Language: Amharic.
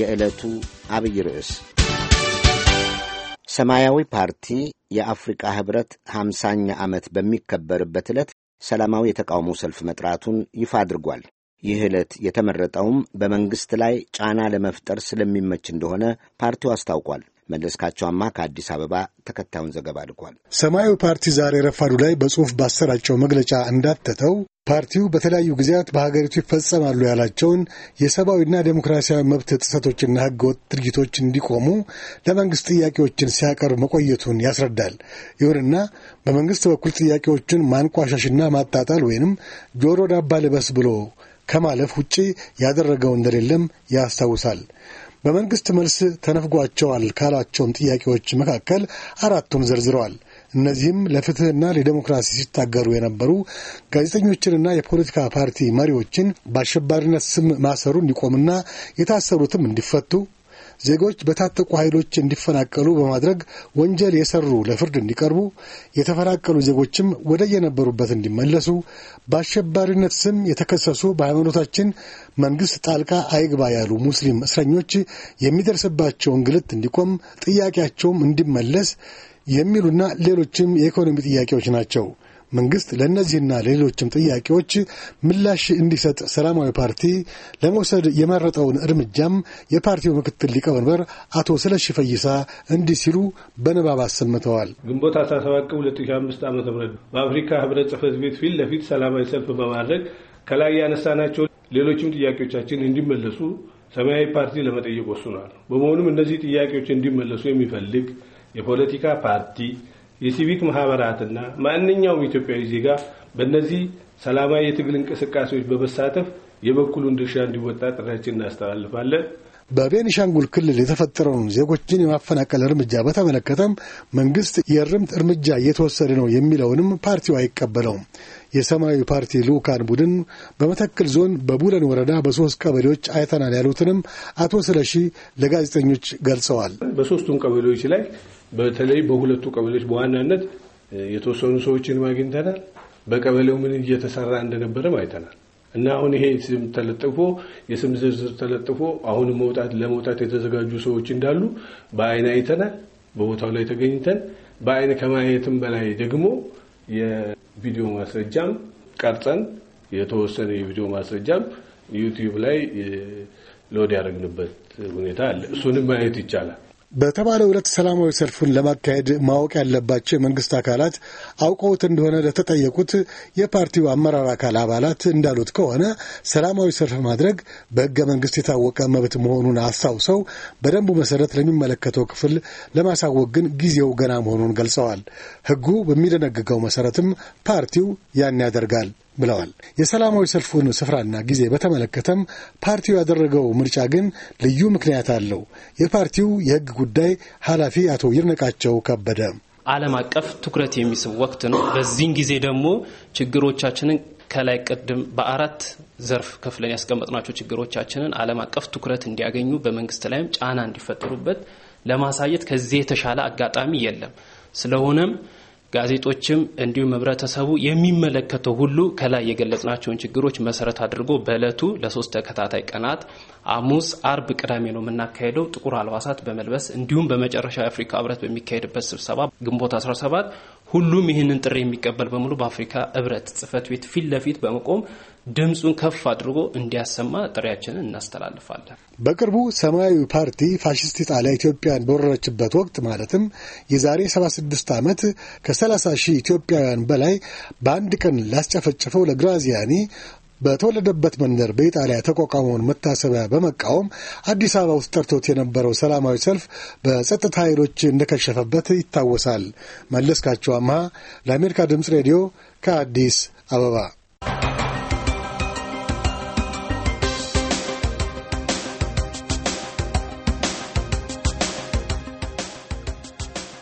የዕለቱ አብይ ርዕስ ሰማያዊ ፓርቲ የአፍሪቃ ኅብረት ሃምሳኛ ዓመት በሚከበርበት ዕለት ሰላማዊ የተቃውሞ ሰልፍ መጥራቱን ይፋ አድርጓል። ይህ ዕለት የተመረጠውም በመንግሥት ላይ ጫና ለመፍጠር ስለሚመች እንደሆነ ፓርቲው አስታውቋል። መለስካቸው አማ ከአዲስ አበባ ተከታዩን ዘገባ አድርጓል። ሰማያዊ ፓርቲ ዛሬ ረፋዱ ላይ በጽሁፍ ባሰራጨው መግለጫ እንዳተተው ፓርቲው በተለያዩ ጊዜያት በሀገሪቱ ይፈጸማሉ ያላቸውን የሰብአዊና ዴሞክራሲያዊ መብት ጥሰቶችና ህገወጥ ድርጊቶች እንዲቆሙ ለመንግስት ጥያቄዎችን ሲያቀርብ መቆየቱን ያስረዳል። ይሁንና በመንግስት በኩል ጥያቄዎቹን ማንቋሻሽና ማጣጣል ወይንም ጆሮ ዳባ ልበስ ብሎ ከማለፍ ውጪ ያደረገው እንደሌለም ያስታውሳል። በመንግስት መልስ ተነፍጓቸዋል ካሏቸውም ጥያቄዎች መካከል አራቱን ዘርዝረዋል። እነዚህም ለፍትህና ለዲሞክራሲ ሲታገሩ የነበሩ ጋዜጠኞችንና የፖለቲካ ፓርቲ መሪዎችን በአሸባሪነት ስም ማሰሩ እንዲቆምና የታሰሩትም እንዲፈቱ ዜጎች በታጠቁ ኃይሎች እንዲፈናቀሉ በማድረግ ወንጀል የሰሩ ለፍርድ እንዲቀርቡ፣ የተፈናቀሉ ዜጎችም ወደ የነበሩበት እንዲመለሱ፣ በአሸባሪነት ስም የተከሰሱ በሃይማኖታችን መንግስት ጣልቃ አይግባ ያሉ ሙስሊም እስረኞች የሚደርስባቸው እንግልት እንዲቆም፣ ጥያቄያቸውም እንዲመለስ የሚሉና ሌሎችም የኢኮኖሚ ጥያቄዎች ናቸው። መንግስት ለእነዚህና ለሌሎችም ጥያቄዎች ምላሽ እንዲሰጥ ሰላማዊ ፓርቲ ለመውሰድ የመረጠውን እርምጃም የፓርቲው ምክትል ሊቀመንበር አቶ ስለሺ ፈይሳ እንዲህ ሲሉ በንባብ አሰምተዋል። ግንቦት 17 2005 ዓ ም በአፍሪካ ህብረት ጽህፈት ቤት ፊት ለፊት ሰላማዊ ሰልፍ በማድረግ ከላይ ያነሳናቸው ሌሎችም ጥያቄዎቻችን እንዲመለሱ ሰማያዊ ፓርቲ ለመጠየቅ ወስኗል። በመሆኑም እነዚህ ጥያቄዎች እንዲመለሱ የሚፈልግ የፖለቲካ ፓርቲ የሲቪክ ማህበራትና ማንኛውም ኢትዮጵያዊ ዜጋ በእነዚህ ሰላማዊ የትግል እንቅስቃሴዎች በመሳተፍ የበኩሉን ድርሻ እንዲወጣ ጥሪያችን እናስተላልፋለን። በቤኒሻንጉል ክልል የተፈጠረውን ዜጎችን የማፈናቀል እርምጃ በተመለከተም መንግስት የእርምት እርምጃ እየተወሰደ ነው የሚለውንም ፓርቲው አይቀበለውም። የሰማያዊ ፓርቲ ልዑካን ቡድን በመተክል ዞን በቡለን ወረዳ በሶስት ቀበሌዎች አይተናል ያሉትንም አቶ ስለሺ ለጋዜጠኞች ገልጸዋል። በሶስቱም ቀበሌዎች ላይ በተለይ በሁለቱ ቀበሌዎች በዋናነት የተወሰኑ ሰዎችን አግኝተናል። በቀበሌው ምን እየተሰራ እንደነበረም አይተናል። እና አሁን ይሄ ስም ተለጥፎ የስም ዝርዝር ተለጥፎ አሁን መውጣት ለመውጣት የተዘጋጁ ሰዎች እንዳሉ በአይን አይተናል። በቦታው ላይ ተገኝተን በአይን ከማየትም በላይ ደግሞ የቪዲዮ ማስረጃም ቀርጸን የተወሰነ የቪዲዮ ማስረጃም ዩቲዩብ ላይ ሎድ ያደረግንበት ሁኔታ አለ። እሱንም ማየት ይቻላል። በተባለው ዕለት ሰላማዊ ሰልፉን ለማካሄድ ማወቅ ያለባቸው የመንግስት አካላት አውቀውት እንደሆነ ለተጠየቁት የፓርቲው አመራር አካል አባላት እንዳሉት ከሆነ ሰላማዊ ሰልፍ ማድረግ በሕገ መንግስት የታወቀ መብት መሆኑን አስታውሰው በደንቡ መሰረት ለሚመለከተው ክፍል ለማሳወቅ ግን ጊዜው ገና መሆኑን ገልጸዋል። ሕጉ በሚደነግገው መሰረትም ፓርቲው ያን ያደርጋል። ብለዋል። የሰላማዊ ሰልፉን ስፍራና ጊዜ በተመለከተም ፓርቲው ያደረገው ምርጫ ግን ልዩ ምክንያት አለው። የፓርቲው የህግ ጉዳይ ኃላፊ አቶ ይርነቃቸው ከበደ ዓለም አቀፍ ትኩረት የሚስብ ወቅት ነው። በዚህን ጊዜ ደግሞ ችግሮቻችንን ከላይ ቅድም በአራት ዘርፍ ከፍለን ያስቀመጥናቸው ችግሮቻችንን ዓለም አቀፍ ትኩረት እንዲያገኙ በመንግስት ላይም ጫና እንዲፈጥሩበት ለማሳየት ከዚህ የተሻለ አጋጣሚ የለም። ስለሆነም ጋዜጦችም እንዲሁም ህብረተሰቡ የሚመለከተው ሁሉ ከላይ የገለጽናቸውን ችግሮች መሰረት አድርጎ በእለቱ ለሶስት ተከታታይ ቀናት ሐሙስ፣ አርብ፣ ቅዳሜ ነው የምናካሄደው ጥቁር አልባሳት በመልበስ እንዲሁም በመጨረሻ የአፍሪካ ህብረት በሚካሄድበት ስብሰባ ግንቦት 17 ሁሉም ይህንን ጥሪ የሚቀበል በሙሉ በአፍሪካ ህብረት ጽህፈት ቤት ፊት ለፊት በመቆም ድምፁን ከፍ አድርጎ እንዲያሰማ ጥሪያችንን እናስተላልፋለን። በቅርቡ ሰማያዊ ፓርቲ ፋሽስት ኢጣሊያ ኢትዮጵያን በወረረችበት ወቅት ማለትም የዛሬ 76 ዓመት ከ30 ሺህ ኢትዮጵያውያን በላይ በአንድ ቀን ላስጨፈጨፈው ለግራዚያኒ በተወለደበት መንደር በኢጣሊያ የተቋቋመውን መታሰቢያ በመቃወም አዲስ አበባ ውስጥ ጠርቶት የነበረው ሰላማዊ ሰልፍ በጸጥታ ኃይሎች እንደከሸፈበት ይታወሳል። መለስካቸው አምሃ ለአሜሪካ ድምፅ ሬዲዮ ከአዲስ አበባ